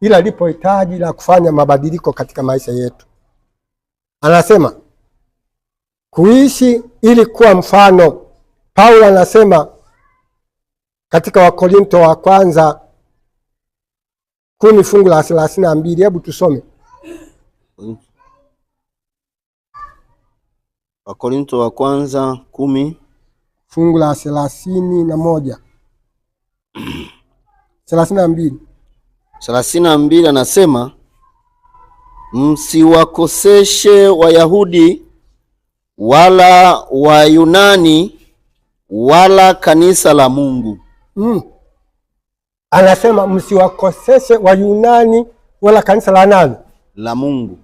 ila lipo hitaji la kufanya mabadiliko katika maisha yetu. Anasema kuishi ili kuwa mfano. Paulo anasema katika Wakorinto wa kwanza kumi fungu la thelathini na mbili hebu tusome. Wakorinto wa kwanza kumi fungu la thelathini na moja thelathini na mbili thelathini na mbili anasema msiwakoseshe Wayahudi wala Wayunani wala kanisa la Mungu. Mm. Anasema msiwakoseshe Wayunani wala kanisa la nani? La Mungu.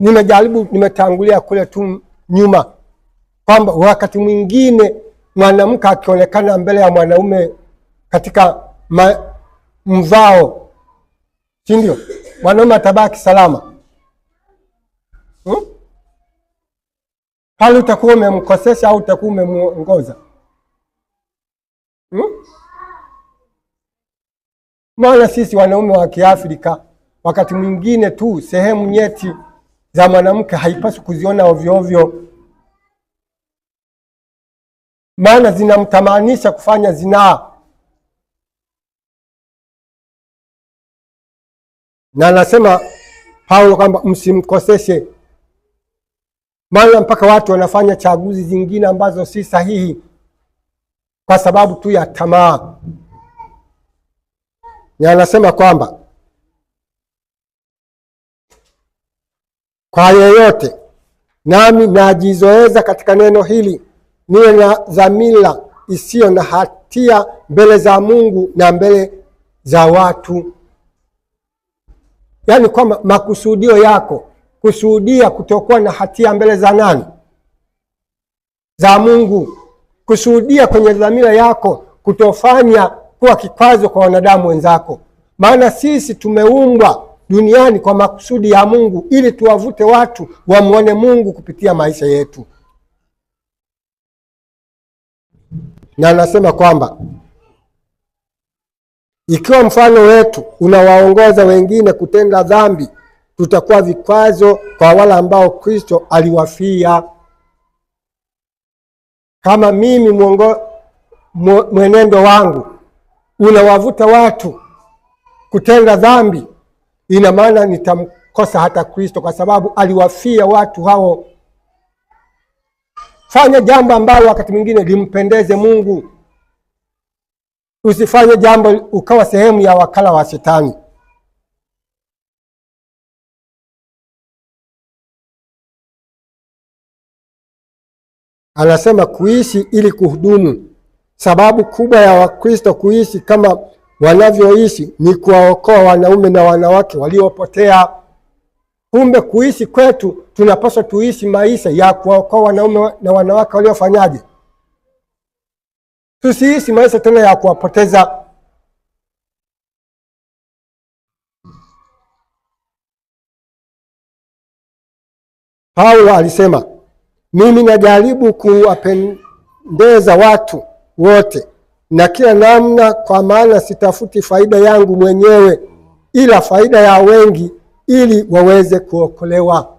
Nimejaribu, nimetangulia kule tu nyuma kwamba wakati mwingine mwanamke akionekana mbele ya mwanaume katika mvao si ndio? Mwanaume atabaki salama hmm? utakuwa umemkosesha au utakuwa umemwongoza hmm? Maana sisi wanaume wa Kiafrika wakati mwingine tu sehemu nyeti za mwanamke haipaswi kuziona ovyo ovyo, maana zinamtamanisha kufanya zinaa. na anasema Paulo kwamba msimkoseshe, maana mpaka watu wanafanya chaguzi zingine ambazo si sahihi kwa sababu tu ya tamaa. Na anasema kwamba kwa yeyote, nami najizoeza katika neno hili, niwe na dhamira isiyo na hatia mbele za Mungu na mbele za watu yaani kwamba makusudio yako kusudia kutokuwa na hatia mbele za nani? Za Mungu. Kusudia kwenye dhamira yako kutofanya kuwa kikwazo kwa wanadamu wenzako, maana sisi tumeumbwa duniani kwa makusudi ya Mungu ili tuwavute watu wamwone Mungu kupitia maisha yetu, na anasema kwamba ikiwa mfano wetu unawaongoza wengine kutenda dhambi, tutakuwa vikwazo kwa wale ambao Kristo aliwafia. Kama mimi mwongo, mwenendo wangu unawavuta watu kutenda dhambi, ina maana nitamkosa hata Kristo, kwa sababu aliwafia watu hao. Fanya jambo ambalo wakati mwingine limpendeze Mungu. Usifanye jambo ukawa sehemu ya wakala wa Shetani. Anasema kuishi ili kuhudumu. Sababu kubwa ya Wakristo kuishi kama wanavyoishi ni kuwaokoa wanaume na wanawake waliopotea. Kumbe kuishi kwetu, tunapaswa tuishi maisha ya kuwaokoa wanaume na wanawake waliofanyaje? tusiishi maisha tena ya kuwapoteza Paulo alisema mimi najaribu kuwapendeza watu wote na kila namna, kwa maana sitafuti faida yangu mwenyewe, ila faida ya wengi, ili waweze kuokolewa.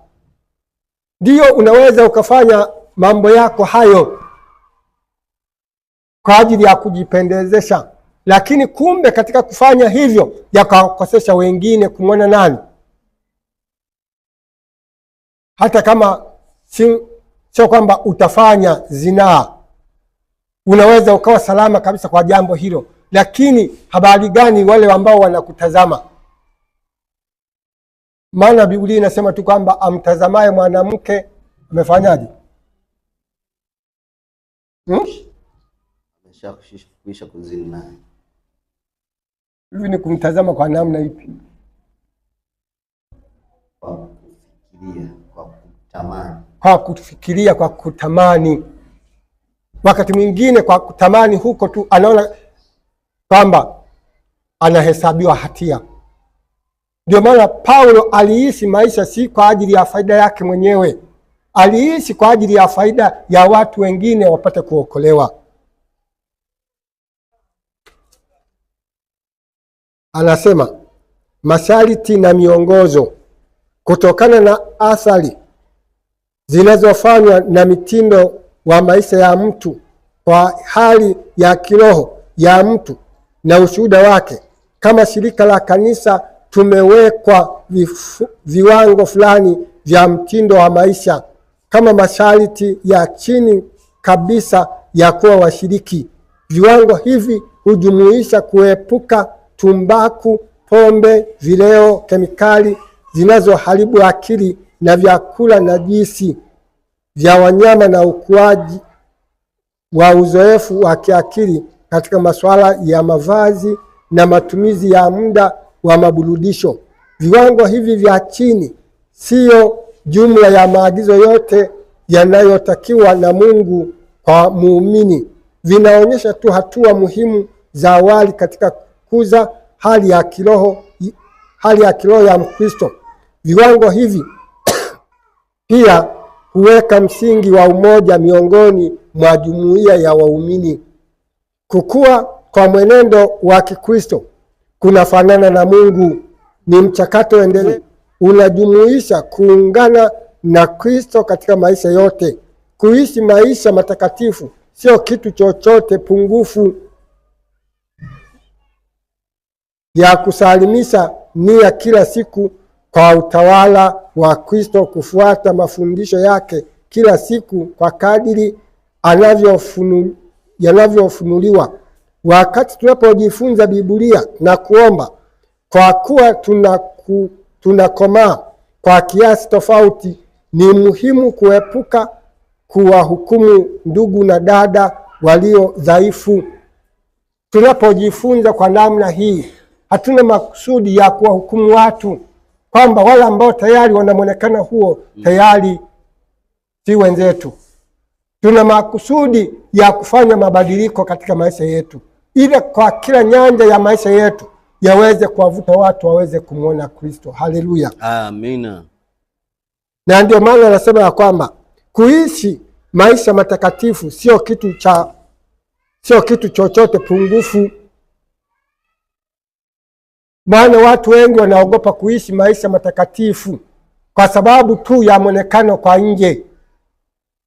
Ndiyo, unaweza ukafanya mambo yako hayo kwa ajili ya kujipendezesha, lakini kumbe katika kufanya hivyo yakawakosesha wengine kumwona nani, hata kama sio kwamba utafanya zinaa, unaweza ukawa salama kabisa kwa jambo hilo, lakini habari gani wale ambao wanakutazama? Maana Biblia inasema tu kwamba amtazamaye mwanamke amefanyaje? hmm? kisha kuzini naye. Hivi ni kumtazama kwa namna ipi? Kwa kufikiria, kwa kutamani, kwa kufikiria, kwa kutamani. Wakati mwingine kwa kutamani huko tu anaona kwamba anahesabiwa hatia. Ndio maana Paulo aliishi maisha si kwa ajili ya faida yake mwenyewe, aliishi kwa ajili ya faida ya watu wengine wapate kuokolewa. anasema masharti na miongozo kutokana na athari zinazofanywa na mitindo wa maisha ya mtu kwa hali ya kiroho ya mtu na ushuhuda wake. Kama shirika la kanisa, tumewekwa viwango fulani vya mtindo wa maisha kama masharti ya chini kabisa ya kuwa washiriki. Viwango hivi hujumuisha kuepuka tumbaku, pombe, vileo, kemikali zinazoharibu akili na vyakula na jisi vya wanyama na ukuaji wa uzoefu wa kiakili katika masuala ya mavazi na matumizi ya muda wa maburudisho. Viwango hivi vya chini siyo jumla ya maagizo yote yanayotakiwa na Mungu kwa muumini, vinaonyesha tu hatua muhimu za awali katika kukuza hali ya kiroho hali ya kiroho ya Mkristo. Viwango hivi pia huweka msingi wa umoja miongoni mwa jumuiya ya waumini. Kukua kwa mwenendo wa Kikristo kunafanana na Mungu, ni mchakato endelevu, unajumuisha kuungana na Kristo katika maisha yote. Kuishi maisha matakatifu sio kitu chochote pungufu ya kusalimisha nia kila siku kwa utawala wa Kristo, kufuata mafundisho yake kila siku kwa kadiri yanavyofunuliwa. Wakati tunapojifunza Biblia na kuomba, kwa kuwa tunaku, tunakomaa kwa kiasi tofauti, ni muhimu kuepuka kuwahukumu ndugu na dada walio dhaifu. Tunapojifunza kwa namna hii hatuna makusudi ya kuwahukumu watu kwamba wale ambao tayari wanamwonekana huo tayari si wenzetu. Tuna makusudi ya kufanya mabadiliko katika maisha yetu, ili kwa kila nyanja ya maisha yetu yaweze kuwavuta watu waweze kumwona Kristo. Haleluya, amina. Na ndio maana anasema ya kwamba kuishi maisha matakatifu sio kitu cha sio kitu chochote pungufu maana watu wengi wanaogopa kuishi maisha matakatifu kwa sababu tu ya mwonekano kwa nje,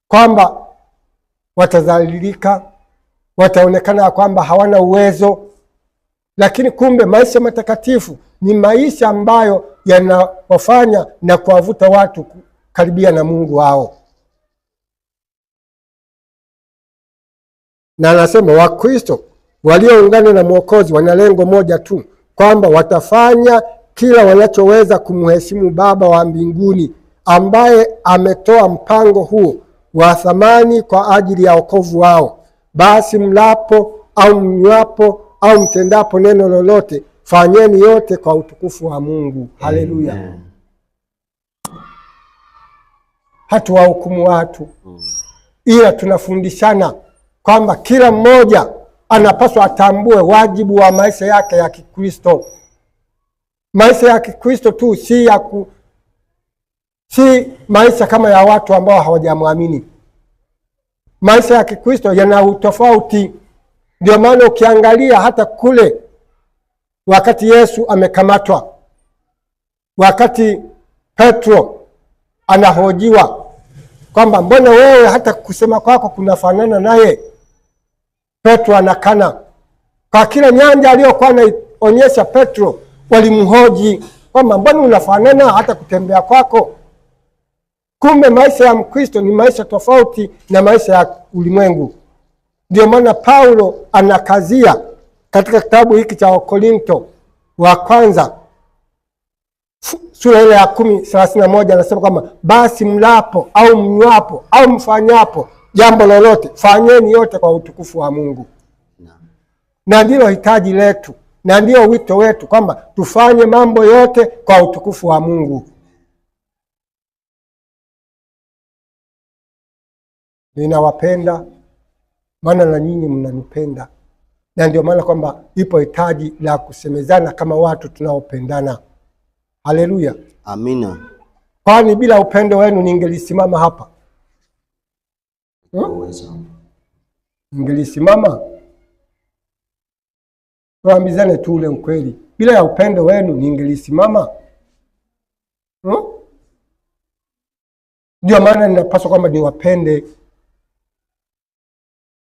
kwamba watadhalilika, wataonekana ya kwamba hawana uwezo. Lakini kumbe maisha matakatifu ni maisha ambayo yanawafanya na kuwavuta watu karibia na Mungu wao. Na anasema Wakristo walioungana na Mwokozi wana lengo moja tu kwamba watafanya kila wanachoweza kumheshimu Baba wa mbinguni ambaye ametoa mpango huo wa thamani kwa ajili ya wokovu wao. Basi mlapo au mnywapo au mtendapo neno lolote, fanyeni yote kwa utukufu wa Mungu. Haleluya! Hatuwahukumu watu, mm. ila tunafundishana kwamba kila mmoja anapaswa atambue wajibu wa maisha yake ya Kikristo. Maisha ya Kikristo tu si ya ku, si maisha kama ya watu ambao hawajamwamini. Maisha ya Kikristo yana utofauti. Ndio maana ukiangalia hata kule wakati Yesu amekamatwa, wakati Petro anahojiwa kwamba mbona wewe hata kusema kwako kunafanana naye Petro anakana. Kwa kila nyanja aliyokuwa anaonyesha Petro walimhoji kwamba mbona unafanana hata kutembea kwako? Kumbe maisha ya Mkristo ni maisha tofauti na maisha ya ulimwengu. Ndio maana Paulo anakazia katika kitabu hiki cha Wakorinto wa kwanza sura ile ya kumi thelathini na moja anasema kwamba basi mlapo au mnywapo au mfanyapo jambo lolote fanyeni yote kwa utukufu wa Mungu na, ndilo hitaji letu na ndio wito wetu kwamba tufanye mambo yote kwa utukufu wa Mungu. Ninawapenda maana na nyinyi mnanipenda, na ndio maana kwamba ipo hitaji la kusemezana kama watu tunaopendana. Haleluya, amina. Kwani bila upendo wenu ningelisimama hapa hmm? Mngelisimama tuambizane tu ule mkweli, bila ya upendo wenu ningelisimama hmm? Ndio maana ninapaswa kwamba niwapende,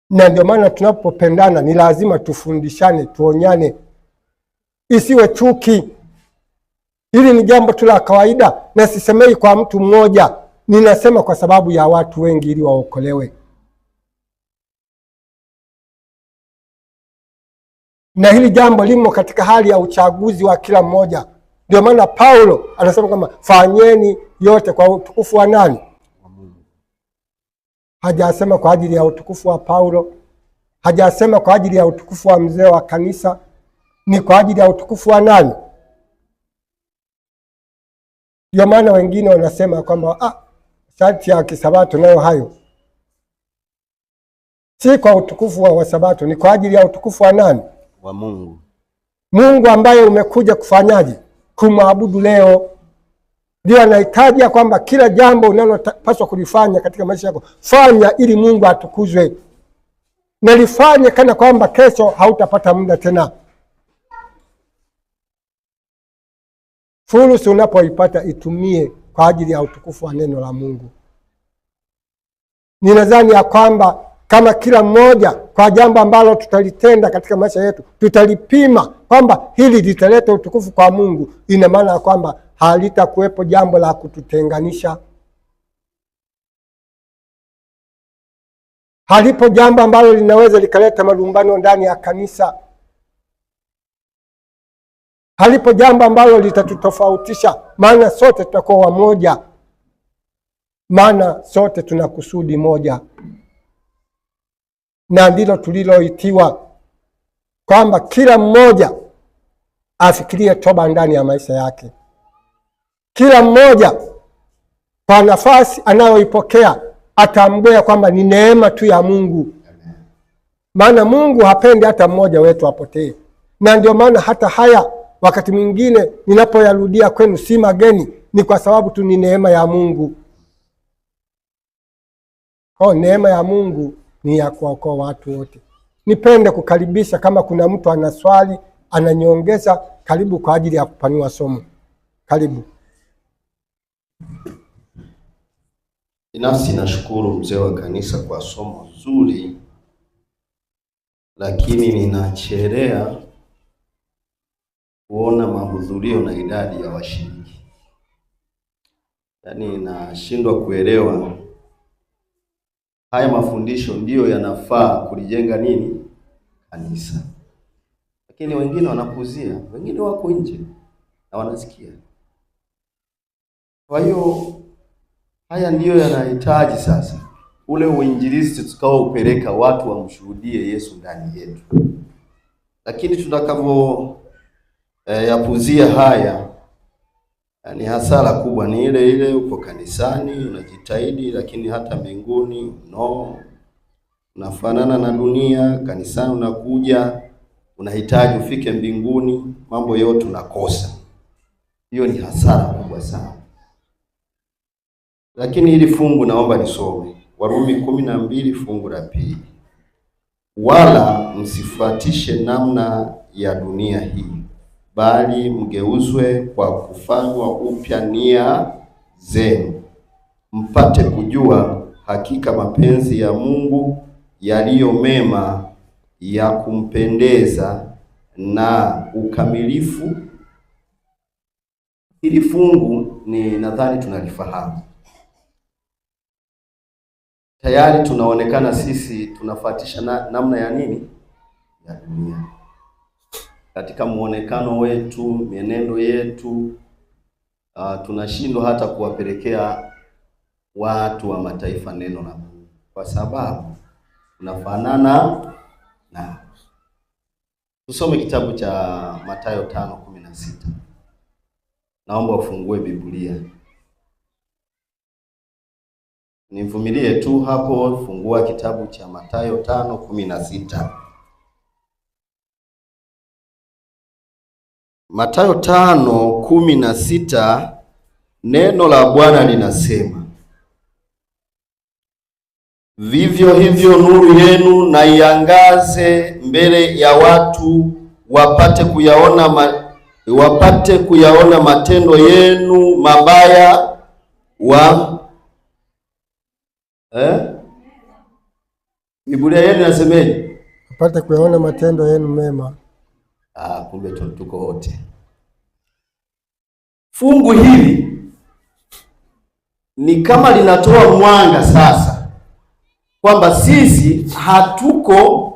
na ndio maana tunapopendana ni lazima tufundishane, tuonyane, isiwe chuki. Hili ni jambo tu la kawaida, na sisemei kwa mtu mmoja Ninasema kwa sababu ya watu wengi ili waokolewe, na hili jambo limo katika hali ya uchaguzi wa kila mmoja. Ndio maana Paulo anasema kwamba fanyeni yote kwa utukufu wa nani? Hajasema kwa ajili ya utukufu wa Paulo, hajasema kwa ajili ya utukufu wa mzee wa kanisa, ni kwa ajili ya utukufu wa nani? Ndio maana wengine wanasema kwamba ah, sharti ya kisabato nayo hayo, si kwa utukufu wa wasabato, ni kwa ajili ya utukufu wa nani? Wa Mungu. Mungu ambaye umekuja kufanyaje? Kumwabudu leo. Ndio anahitaji ya kwamba kila jambo unalopaswa kulifanya katika maisha yako fanya ili Mungu atukuzwe, nalifanye kana kwamba kesho hautapata muda tena. Fursa unapoipata itumie kwa ajili ya utukufu wa neno la Mungu. Ninadhani ya kwamba kama kila mmoja kwa jambo ambalo tutalitenda katika maisha yetu tutalipima kwamba hili litaleta utukufu kwa Mungu, ina maana ya kwamba halitakuwepo jambo la kututenganisha. Halipo jambo ambalo linaweza likaleta malumbano ndani ya kanisa halipo jambo ambalo litatutofautisha, maana sote tutakuwa wamoja, maana sote tuna kusudi moja, na ndilo tuliloitiwa kwamba kila mmoja afikirie toba ndani ya maisha yake, kila mmoja kwa nafasi anayoipokea atambue kwamba ni neema tu ya Mungu, maana Mungu hapendi hata mmoja wetu apotee, na ndio maana hata haya Wakati mwingine ninapoyarudia kwenu si mageni, ni kwa sababu tu ni neema ya Mungu. Oh, neema ya Mungu ni ya kuwaokoa watu wote. Nipende kukaribisha, kama kuna mtu ana swali ananyongeza, karibu kwa ajili ya kupanua somo. Karibu. Binafsi nashukuru mzee wa kanisa kwa somo zuri, lakini ninacherea kuona mahudhurio na idadi ya washiriki. Yaani nashindwa kuelewa haya mafundisho ndiyo yanafaa kulijenga nini kanisa, lakini wengine wanapuzia, wengine wako nje na wanasikia. Kwa hiyo haya ndiyo yanahitaji sasa ule uinjilisti tukaoupeleka watu wamshuhudie Yesu ndani yetu, lakini tutakavyo e, eh, yapuzia haya eh, ni hasara kubwa, ni ile ile. Uko kanisani unajitahidi, lakini hata mbinguni no, unafanana na dunia. Kanisani unakuja, unahitaji ufike mbinguni, mambo yote unakosa. Hiyo ni hasara kubwa sana. Lakini hili fungu naomba nisome Warumi kumi na mbili fungu la pili, wala msifuatishe namna ya dunia hii bali mgeuzwe kwa kufanywa upya nia zenu, mpate kujua hakika mapenzi ya Mungu yaliyo mema, ya kumpendeza na ukamilifu. Hili fungu ni nadhani tunalifahamu tayari, tunaonekana sisi tunafuatisha na, namna ya nini ya dunia katika muonekano wetu, mienendo yetu, uh, tunashindwa hata kuwapelekea watu wa mataifa neno la Mungu kwa sababu tunafanana na. Tusome kitabu cha Mathayo tano kumi na sita. Naomba ufungue Biblia, nivumilie tu hapo. Fungua kitabu cha Mathayo tano kumi na sita. Mathayo tano kumi na sita neno la Bwana linasema, vivyo hivyo nuru yenu na iangaze mbele ya watu wapate kuyaona ma, wapate kuyaona matendo yenu mabaya wa eh? Biblia yenu inasemaje? Wapate kuyaona matendo yenu mema Ah, kumbe tuko wote. Fungu hili ni kama linatoa mwanga sasa kwamba sisi hatuko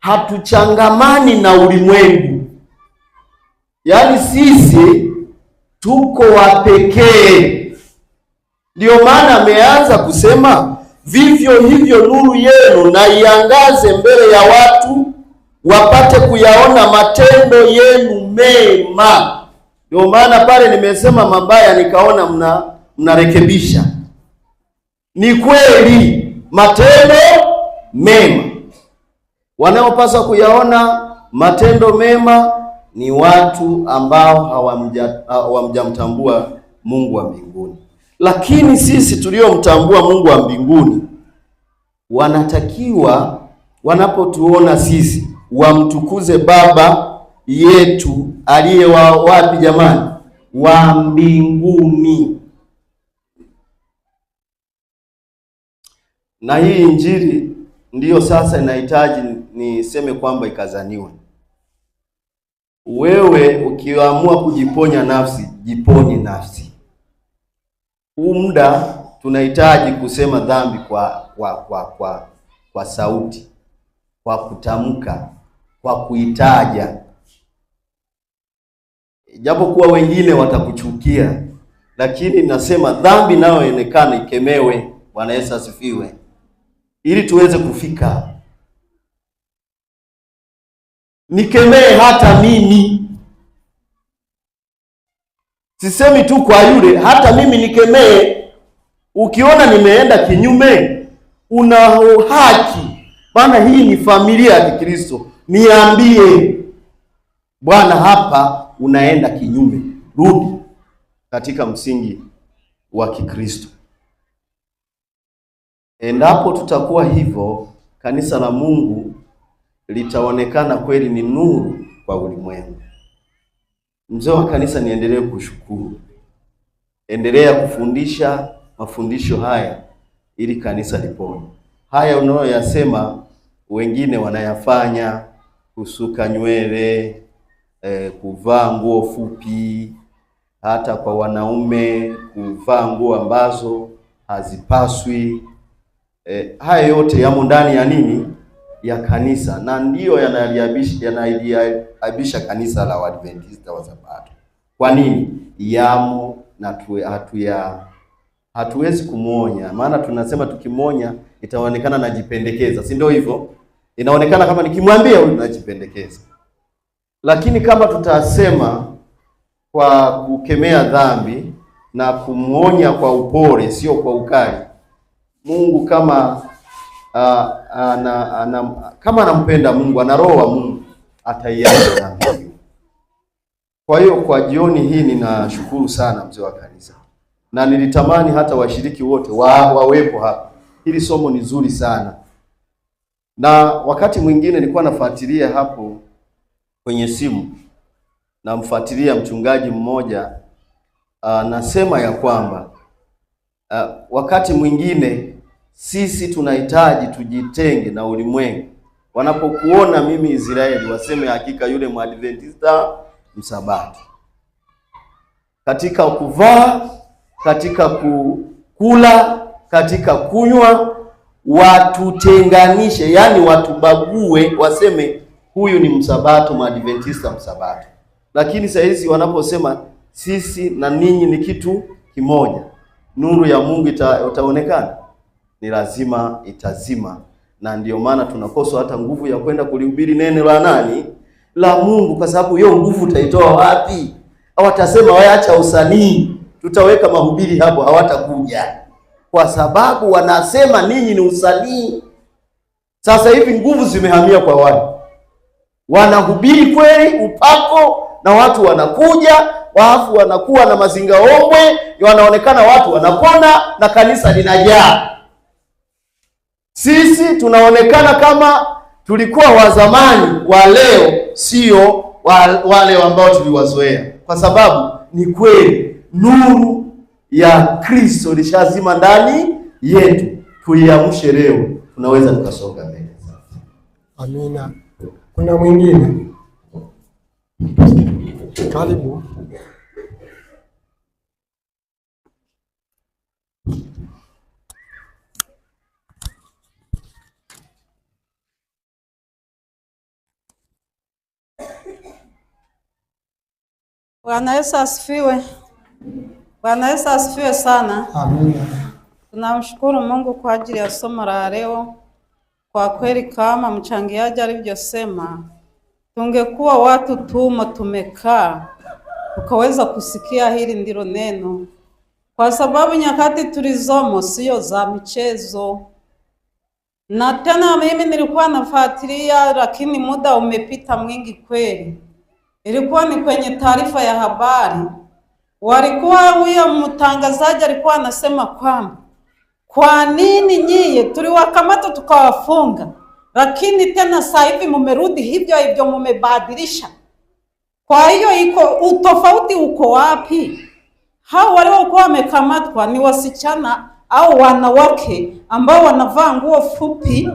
hatuchangamani na ulimwengu, yaani sisi tuko wa pekee. Ndiyo maana ameanza kusema vivyo hivyo, nuru yenu na iangaze mbele ya watu wapate kuyaona matendo yenu mema. Ndio maana pale nimesema mabaya, nikaona mna mnarekebisha. Ni kweli matendo mema, wanaopaswa kuyaona matendo mema ni watu ambao hawamjamtambua Mungu wa mbinguni, lakini sisi tuliomtambua Mungu wa mbinguni wanatakiwa wanapotuona sisi wamtukuze Baba yetu aliye wa wapi jamani? Wa mbinguni. Na hii injili ndiyo sasa inahitaji niseme kwamba ikazaniwe. Wewe ukiamua kujiponya nafsi, jiponye nafsi. Huu muda tunahitaji kusema dhambi kwa kwa kwa kwa, kwa sauti, kwa kutamka kwa kuitaja, japo kuwa wengine watakuchukia, lakini nasema dhambi nayo ionekane, ikemewe. Bwana Yesu asifiwe, ili tuweze kufika. Nikemee hata mimi, sisemi tu kwa yule, hata mimi nikemee. Ukiona nimeenda kinyume, una haki, maana hii ni familia ya Kikristo niambie bwana, hapa unaenda kinyume, rudi katika msingi wa Kikristo. Endapo tutakuwa hivyo, kanisa la Mungu litaonekana kweli ni nuru kwa ulimwengu. Mzee wa kanisa, niendelee kushukuru, endelea kufundisha mafundisho haya ili kanisa lipone. Haya unayoyasema wengine wanayafanya kusuka nywele e, kuvaa nguo fupi, hata kwa wanaume kuvaa nguo ambazo hazipaswi. E, haya yote yamo ndani ya nini? Ya kanisa, na ndiyo yanaliabisha kanisa la Waadventista wa Sabato. Kwa nini yamo na hatuya hatuwezi kumwonya? Maana tunasema tukimwonya itaonekana najipendekeza, si ndio hivyo? inaonekana kama nikimwambia huyu najipendekeza Lakini kama tutasema kwa kukemea dhambi na kumwonya kwa upole, sio kwa ukali, Mungu kama ana, ana, kama anampenda Mungu, ana roho wa Mungu, ataiacha dhambi Kwa hiyo kwa jioni hii ninashukuru sana mzee wa kanisa, na nilitamani hata washiriki wote wa, wawepo hapa. Hili somo ni zuri sana na wakati mwingine nilikuwa nafuatilia hapo kwenye simu, namfuatilia mchungaji mmoja anasema ah, ya kwamba a, ah, wakati mwingine sisi tunahitaji tujitenge na ulimwengu. Wanapokuona mimi Israeli, waseme hakika yule mwadventista msabato, katika kuvaa, katika kukula, katika kunywa watutenganishe, yani watubague, waseme huyu ni msabato, maadventista msabato. Lakini saa hizi wanaposema sisi na ninyi ni kitu kimoja, nuru ya Mungu ita, itaonekana ni lazima itazima, na ndiyo maana tunakoswa hata nguvu ya kwenda kulihubiri neno la nani la Mungu, kwa sababu hiyo nguvu utaitoa wapi? Watasema waacha usanii, tutaweka mahubiri hapo, hawatakuja kwa sababu wanasema ninyi ni usalii. Sasa hivi nguvu zimehamia kwa wale wanahubiri kweli upako, na watu wanakuja wafu, wanakuwa na mazinga ombwe, wanaonekana watu wanapona na kanisa linajaa. Sisi tunaonekana kama tulikuwa wa zamani, wa leo sio wale ambao tuliwazoea, kwa sababu ni kweli nuru ya Kristo lishazima ndani yetu, tuiamshe leo, tunaweza tukasonga mbele. Amina. Kuna mwingine? Karibu. Bwana Yesu asifiwe. Bwana Yesu asifiwe sana. Amina. Tunamshukuru Mungu kwa ajili ya somo la leo. Kwa kweli kama mchangiaji alivyosema, tungekuwa watu tumo tumekaa tukaweza kusikia hili ndilo neno, kwa sababu nyakati tulizomo sio za michezo. Na tena mimi nilikuwa nafuatilia, lakini muda umepita mwingi kweli. Ilikuwa ni kwenye taarifa ya habari walikuwa huyo mtangazaji alikuwa anasema kwamba kwa nini nyie tuliwakamata tukawafunga, lakini tena saa hivi mumerudi hivyo hivyo, mumebadilisha. Kwa hiyo iko utofauti uko wapi? Hao waliokuwa wamekamatwa ni wasichana au wanawake ambao wanavaa nguo fupi,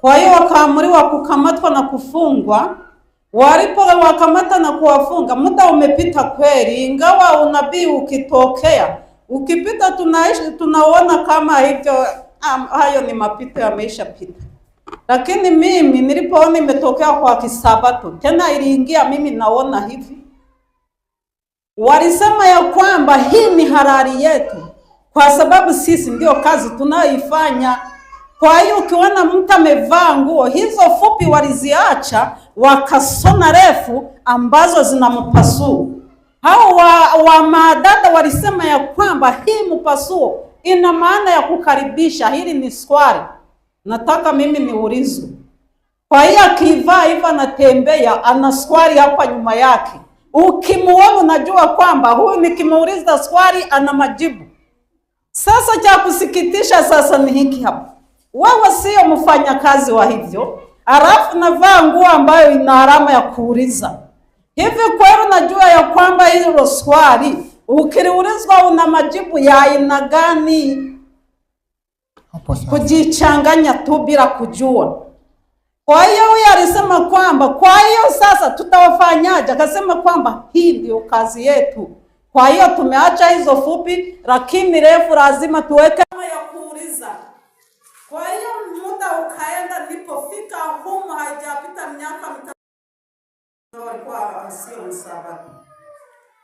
kwa hiyo wakaamriwa kukamatwa na kufungwa walipowakamata na kuwafunga, muda umepita kweli, ingawa unabii ukitokea ukipita, tunaishi tunaona kama hivyo um, hayo ni mapito pita Lakini mimi nilipoona imetokea kwa kisabato tena iliingia, mimi naona hivi, walisema ya kwamba hii ni halali yetu, kwa sababu sisi ndio kazi tunayoifanya kwa hiyo ukiona mtu amevaa nguo hizo fupi waliziacha wakasona refu ambazo zina mpasuo. Hao wa, wa maadada walisema ya kwamba hii mpasuo ina maana ya kukaribisha. Hili ni swali nataka mimi niulizwe. Kwa hiyo akivaa hivyo anatembea, ana swali hapa nyuma yake, ukimuona unajua kwamba huyu nikimuuliza swali ana majibu. Sasa cha kusikitisha sasa ni hiki hapa wewe sio mfanyakazi wa hivyo, alafu navaa nguo ambayo ina alama ya kuuliza. Hivi kweli najua ya kwamba hilo swali ukiulizwa una majibu ya aina gani? Kujichanganya tu bila kujua. Kwa hiyo huyo alisema kwamba, kwa hiyo sasa tutawafanyaje? Akasema kwamba hii ndio kazi yetu. Kwa hiyo tumeacha hizo fupi, lakini refu lazima tuweke ya kuuliza. Kwa hiyo muda ukaenda, nilipofika humu haijapita miaka mitatu alikuwa sio msabati.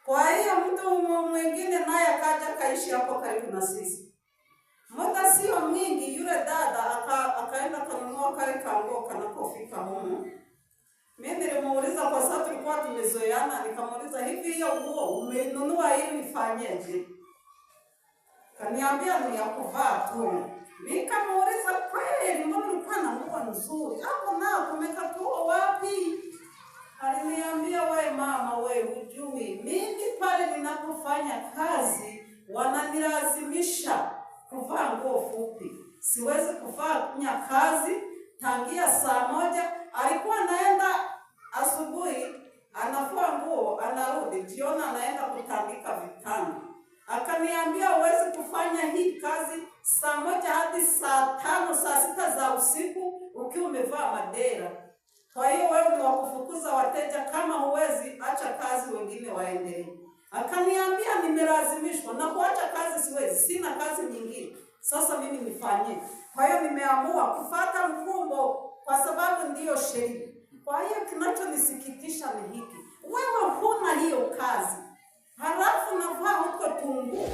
Kwa hiyo mtu mwingine naye akaja kaishi hapo karibu na sisi. Muda sio mingi, yule dada akaenda kanunua kale kanguo kanapofika humu. Mimi nilimuuliza kwa sababu tulikuwa tumezoeana, nikamuuliza hivi, hiyo nguo umeinunua ili nifanyeje? Kaniambia ni ya kuvaa tu nikamuuliza kweli, mbona ulikuwa na nguo nzuri hapo nako umekatoa wapi? Aliniambia, we mama, we hujui mimi pale ninapofanya kazi wananilazimisha kuvaa nguo fupi, siwezi kufanya kazi tangia saa moja alikuwa Kwa hiyo wewe ni wakufukuza wateja, kama huwezi acha kazi, wengine waendelee. Akaniambia nimelazimishwa na kuacha kazi, siwezi, sina kazi nyingine, sasa mimi nifanyie. Kwa hiyo nimeamua kufata mkumbo, kwa sababu ndiyo sheria. Kwa hiyo kinachonisikitisha ni hiki, wewe huna hiyo kazi, halafu navaa huko tungu